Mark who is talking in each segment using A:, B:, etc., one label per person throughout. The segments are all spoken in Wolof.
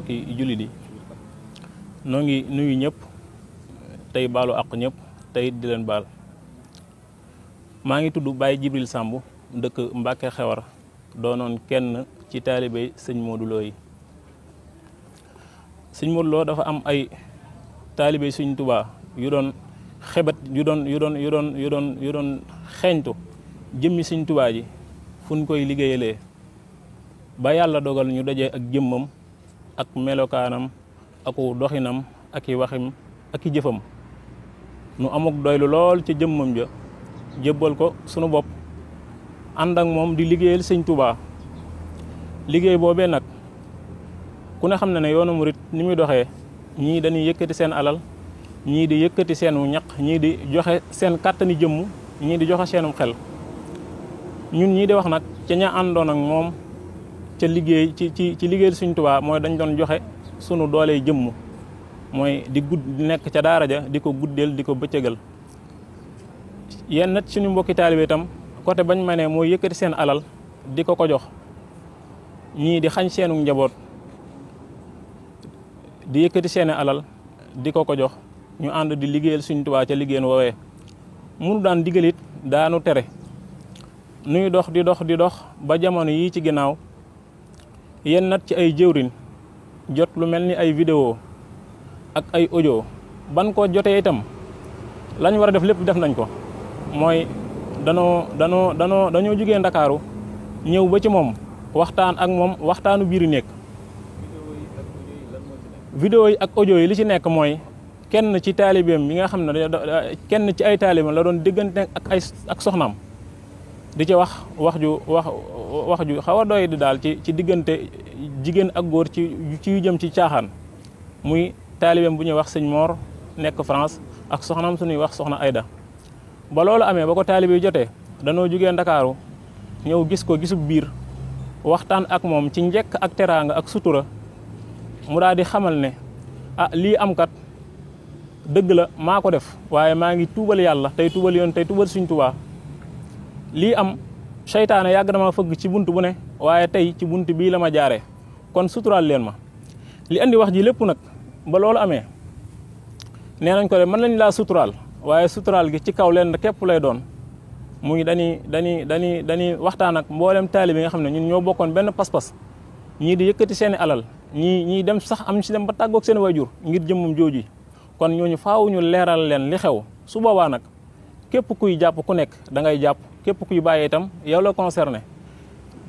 A: mbokki jullit yi noo ngi nuyu ñëpp tey baalu àq ñëpp tey di leen baal maa ngi tudd Baye Jibril Samb dëkk Mbacke Xewar doonoon kenn ci taalibe sëñ Modou yi sëñ Modou dafa am ay taalibe sëñ Tuubaa yu doon xebat yu doon xeeñtu jëmmi sëñ Tuubaa ji fu ñu koy liggéeyalee ba yàlla dogal ñu daje ak jëmmam ak melokaanam aku doxinam aki i waxim ak jëfam nu amuk doylu lool ca jëmmam ja jébbal ko sunu bopp ànd moom di liggéeyal sëñ Touba liggéey boobee nag ku ne xam na ne yoonu murit ni muy doxee ñii dañuy yëkkati seen alal ñii di yëkkati seenu ñaq ñii di joxe seen kàttani jëmm ñii di joxe seenum xel ñun ñii di wax nag ca ña àndoon moom ca liggéey ci ci ci liggéeyal Sëriñ Tuubaa mooy dañ doon joxe sunu dooley jëmm mooy di gudd nekk ca daara ja di ko guddeel di ko bëccëgal yenn nag suñu mbokki taalibe itam côté bañ ma ne mooy yëkkati seen alal di ko ko jox ñii di xañ seenu njaboot di yëkkati seeni alal di ko ko jox ñu ànd di liggéeyal Sëriñ Tuubaa ca liggéeyan woowee munu daan digalit daanu tere nuy dox di dox di dox ba jamono yii ci ginnaaw yenn nat ci ay jëwrin jot lu mel ni ay vidéo ak ay audio ban ko jotee itam lañ war a def lépp def nañ ko mooy danoo danoo danoo dañoo jugee ndakaaru ñëw ba ci moom waxtaan ak moom waxtaanu biir nekk vidéo yi ak audio yi li ci nekk mooy kenn ci taalibeem yi nga xam ne kenn ci ay taalibeem la doon diggante ak ay ak soxnaam di ci wax wax ju wax wax ju xaw a doy di daal ci ci diggante jigéen ak góor ci ci yu jëm ci caaxaan muy taalibeem bu ñuy wax sëñ moor nekk France ak soxnaam suñuy wax soxna Ayda ba loolu amee ba ko taalibe yi jotee danoo jugee Ndakaaru ñëw gis ko gisub biir waxtaan ak moom ci njëkk ak teraanga ak sutura mu daal di xamal ne a ah, lii am kat dëgg la maa ko def waaye maa ngi tuubal yàlla tey tuubal yoon tey tuubal suñ tubaa lii am seytaane yàgg na ma fëgg ci bunt bu ne waaye tey ci bunt bii la ma jaare kon suturaal leen ma li andi wax ji lépp nag ba loolu amee nee nañ ko de mën nañ laa suturaal waaye suturaal gi ci kaw leen képp lay doon muy dañuy dañuy dañuy dañuy waxtaan ak mboolem taali bi nga xam ne ñun ñoo bokkoon benn pas-pas ñii di yëkkati seeni alal ñii ñii dem sax am si dem ba tàggoog seen waajur ngir jëmmum jooju kon ñooñu faaw ñu leeral leen li xew su boobaa nag képp kuy jàpp ku nekk da ngay jàpp képp ku kuy bàyyee itam yow la concerné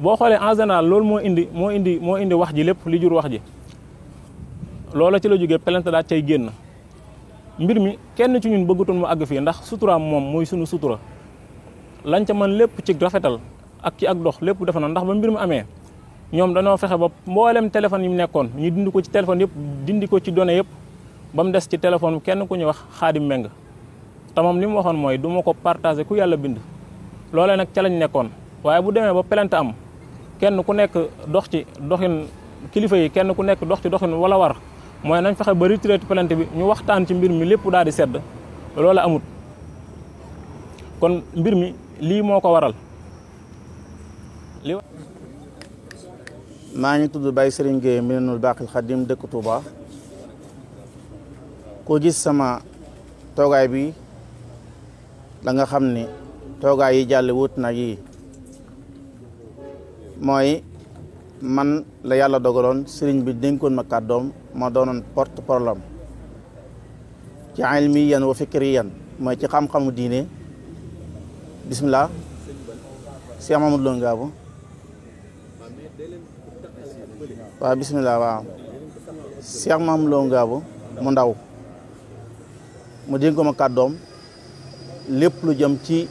A: boo xoolee en général loolu moo indi moo indi moo indi wax ji lépp li jur wax ji loolu ci la jógee plainte daal cay génn mbir mi kenn ci ñun bëggutoon mu àgg fii ndax suturaam moom mooy sunu sutura lañ ca man lépp ci rafetal ak ci ak dox lépp defe na ndax ba mbir mu amee ñoom danoo fexe ba mboolem téléphone yi mu nekkoon ñu dindi ko ci téléphone yëpp dindi ko ci données yëpp ba mu des ci téléphone kenn ku ñuy wax xaadim meng te moom li mu waxoon mooy du ma ko partagé ku yàlla bind loole nag ca lañ nekkoon waaye bu demee ba plainte am kenn ku nekk dox ci doxin kilifa yi kenn ku nekk dox ci doxin walla war mooy nañ fexe ba retraité plainte bi ñu waxtaan ci mbir mi lépp daa di sedd loola amut kon
B: mbir mi lii moo ko waral li maa ngi tudd Baye Serigne Gueye Minanul Baqil Xadim dëkk Touba koo gis sama toogaay bi da xam ni toogaay yi jàlle wut nag yi mooy man la yàlla dogaloon sëriñ bi dénkoon ma kàddoom ma doonoon porte problème ci ilmiyan wa fikriyan mooy ci xam-xamu diine bisimilah si Mamadou Lo Ngabou waaw bisimilah waaw Cheikh Mamadou Lo Ngabou mu ndaw mu dénk ma kàddoom lépp lu jëm ci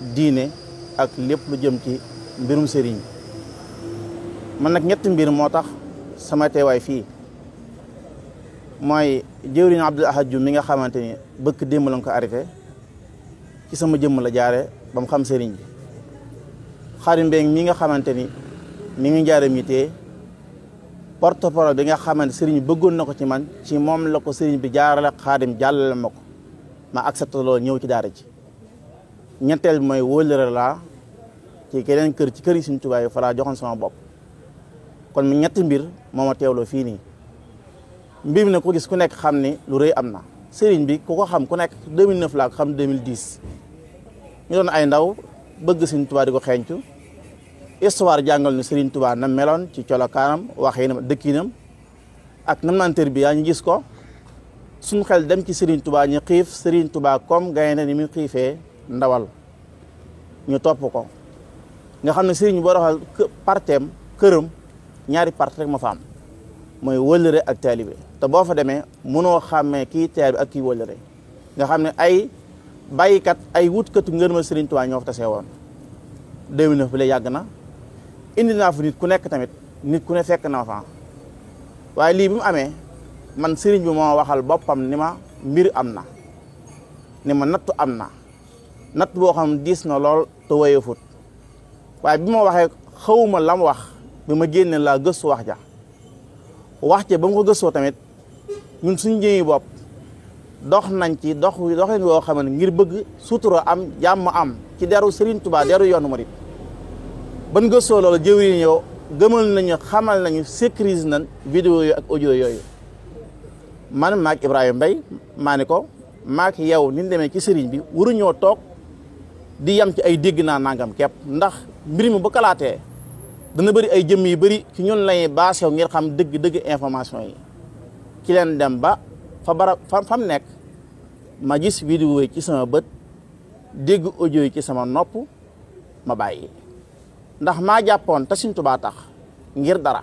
B: diine ak lépp lu jëm ci mbirum sëriñ man nag ñett mbir moo tax sama teewaay fii mooy jëwriñ Abdul Ahad mi nga xamante ni bëkk démb lañ ko arrêté ci sama jëmm la jaare ba xam sëriñ bi xarim Mbengue mi nga xamante ni mi ngi jaare mi tee porte parole bi nga xamante sëriñ bëggoon na ko ci man ci moom la ko sëriñ bi jaarale xaadim jàllale ma ko ma accepté loolu ñëw ci daar ji ñetteel mooy wóolëre laa ci keneen kër ci kër yi suñ tubaab yi fa joxoon sama bopp kon ñetti mbir moo ma teewloo fii nii mbir mi ne ko gis ku nekk xam ni lu rëy am na sëriñ bi ku ko xam ku nekk 2009 laa ko xam 2010 ñu doon ay ndaw bëgg suñ tubaab di ko xeeñcu histoire jàngal ni sëriñ tubaab na meloon ci colokaanam waxinam dëkkinam ak nam naan tër bi yaa ñu gis ko suñ xel dem ci sëriñ tubaa ñu xiif sëriñ tubaab kom gaynde ni mu xiifee ndawal ñu topp ko nga xam ne sëriñ boo doxal parteem këram ñaari part rek ma fa mooy wëllëre ak taalibe te boo fa demee mënoo xàmmee kii taalibe ak kii wëllëre nga xam ne ay bàyyikat ay wutkatu ngërëmal sëriñ Tuubaa ñoo fa tasee woon 2009 bi la yàgg na indi naa fa nit ku nekk tamit nit ku ne fekk na fa waaye lii bi mu amee man sëriñ bi moo waxal boppam ni ma mbir am na ni ma nattu am na natt boo xam diis na lool te woyofut waaye bi ma waxee xawuma lam wax bi ma génne laa gëstu wax ja wax ja ba ma ko gëstoo tamit ñun suñu jëmi bopp dox nañ ci dox doxin woo xam ne ngir bëgg sutura am jàmm am ci deru Serigne tubaa deru yoonu murit ban gëstoo loolu jëwriñ yow gëmal nañu xamal nañu sécurise nañ video yi ak audio yooyu man maak Ibrahima Mbaye maa ni ko maak yow ni demee ci sëriñ bi waruñoo toog di yam ci ay dégg naa nangam kepp ndax mbir mi bu kalaatee dana bëri ay jëmm yu bari ci ñun lañuy baas yow ngir xam dëgg-dëgg information yi ci leen dem ba fa barab fa fam nekk ma gis vidéo yi ci sama bët dégg audio yi ci sama nopp ma bàyyi ndax maa jàppoon te Sëñ tax ngir dara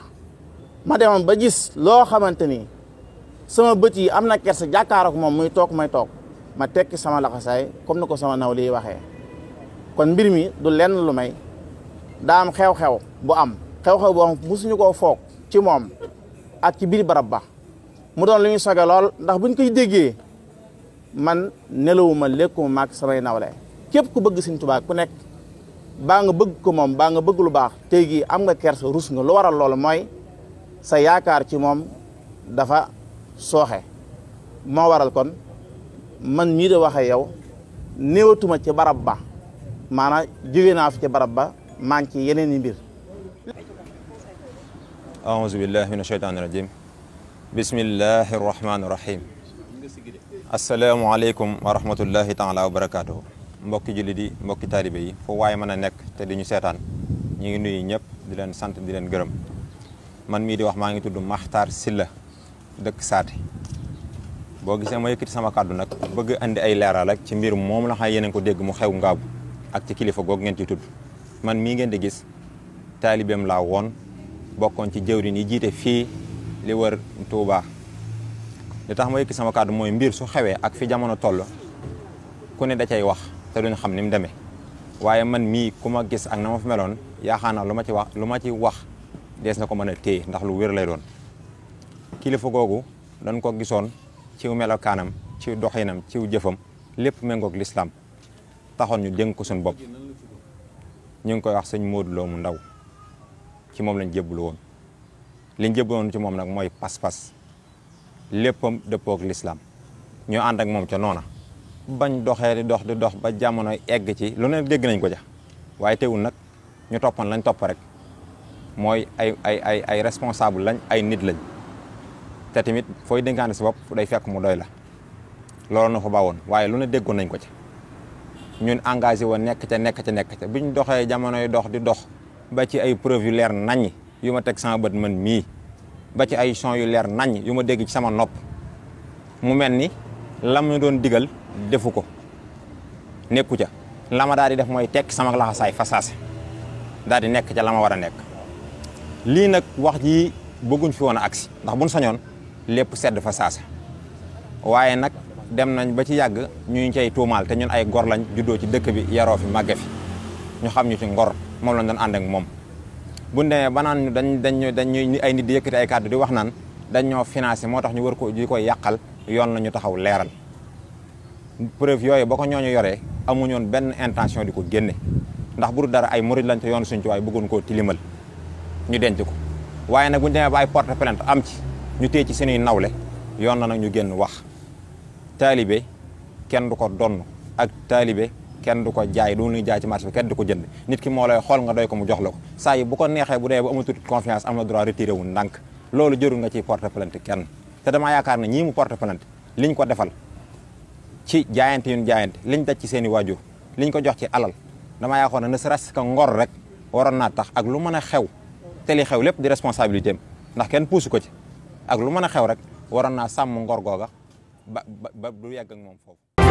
B: ma demoon ba gis loo xamante ni sama bët yi am na kersa jàkkaar ak moom muy toog may toog ma tekki sama laxasaay comme ni ko sama nawli yi waxee kon mbir mi du lenn lu may daa am xew-xew bu am xew-xew bu am musuñu koo foog ci moom ak ci biir barab ba mu doon lu ñuy soge lool ndax buñ koy déggee man nelawuma lekkuma maag samay nawle képp ku bëgg Sëñ Tuubaa ku nekk baa nga bëgg ko moom baa nga bëgg lu baax tey jii am nga kersa rus nga lu waral loolu mooy sa yaakaar ci moom dafa sooxe moo waral kon man mii de waxe yow néewatuma ci barab ba maanaam jóge naa fi ci barab ba maa ci yeneen i mbir
C: aouzu billahi min asheytaani rajim bismillahi rahmaani rahim asalaamaaleykum wa rahmatullahi taala wa barakaatuhu mbokki jullit yi mbokki taalibe yi waaye mën a nekk te di ñu seetaan ñu ngi nuyu ñëpp di leen sant di leen gërëm man mii di wax maa ngi tudd Maxtaar Silla dëkk Saati boo gisee ma yëkkati sama kàddu nag bëgg andi ay leeral rek ci mbir moom la xam yéen ko dégg mu xew ngaabu ak ci kilifa googu ngeen ci tudd man mii ngeen di gis taalibeem laa woon bokkoon ci jëwriñ yi jiite fii li wër tuuba li tax ma yëkki sama kàddu mooy mbir su xewee ak fi jamono toll ku ne da cay wax te duñ xam ni mu demee waaye man mii ku ma gis ak na ma fi meloon yaakaar naa lu ma ci wax lu ma ci wax dees na ko mën a téye ndax lu wér lay doon kilifa googu dañ ko gisoon ciw melokaanam ciw doxinam ciw jëfam lépp méngoog lislaam taxoon ñu dénk ko suñu bopp ñu ngi koy wax sëñ Modou Lo mu ndaw ci moom lañ jébbalu woon liñ jébbalu woon ci moom nag mooy pas-pas léppam dëppoog lislaam ñu ànd ak moom ca noona bañ doxee di dox di dox ba jamono egg ci lu ne dégg nañ ko ja waaye teewul nag ñu toppoon lañ topp rek mooy ay ay ay ay responsable lañ ay nit lañ te tamit fooy dénkaane si bopp day fekk mu doy la looloon na fa bawoon waaye lu ne déggoon nañ ko ci ñun engagé woon nekk ca nekk ca nekk ca bi ñu doxee jamonoy dox di dox ba ci ay preuve yu leer naññ yu ma teg sama bat man mii ba ci ay son yu leer nañ yu ma dégg ci sama nopp mu mel ni lam ñu doon digal defu ko nekku ca lama ma daal di def mooy tekk sama laxasaay fasaase daal di nekk ca la ma war a nekk lii nag wax ji bëgguñ fi woon a agsi ndax buñ sañoon lépp sedd fasaase waaye nag dem nañ ba ci yàgg ñu cay tuumaal te ñun ay gor lañ juddoo ci dëkk bi yaroo fi màgge fi ñu xam ñu ci ngor moom lañ doon ànd ak moom bu demee ba naan dañ dañ dañ ay nit di yëkkati ay kàddu di wax naan dañ ñoo financé moo tax ñu war ko di koy yàqal yoon la ñu taxaw leeral preuve yooyu ba ko ñooñu yoree amuñoon benn intention di ko génne ndax buru dara ay murid lañ te yoon suñ ci waaye bëggoon ko tilimal ñu denc ko waaye nag buñu demee ba ay porte plainte am ci ñu téye ci suñuy nawle yoon la nag ñu génn wax taalibe kenn du ko donn ak taalibe kenn du ko jaay du lu jaay ci marché bi kenn du ko jënd nit ki moo lay xool nga doy ko mu jox la ko saa yi bu ko neexee bu dee ba amatul confiance am na droit retiré wu ndànk loolu jërul nga ciy porte plainte kenn te dama yaakaar na ñii mu porte plainte liñ ko defal ci jaayante yun jaayante liñ daj ci seen i waajur liñ ko jox ci alal dama yaakaar na ne serait-ce ngor rek waroon naa tax ak lu mën a xew te li xew lépp di responsabilité am ndax kenn puusu ko ci ak lu mën a xew rek waroon naa sàmm ngor googa ba ba du yàgg ak moom foofu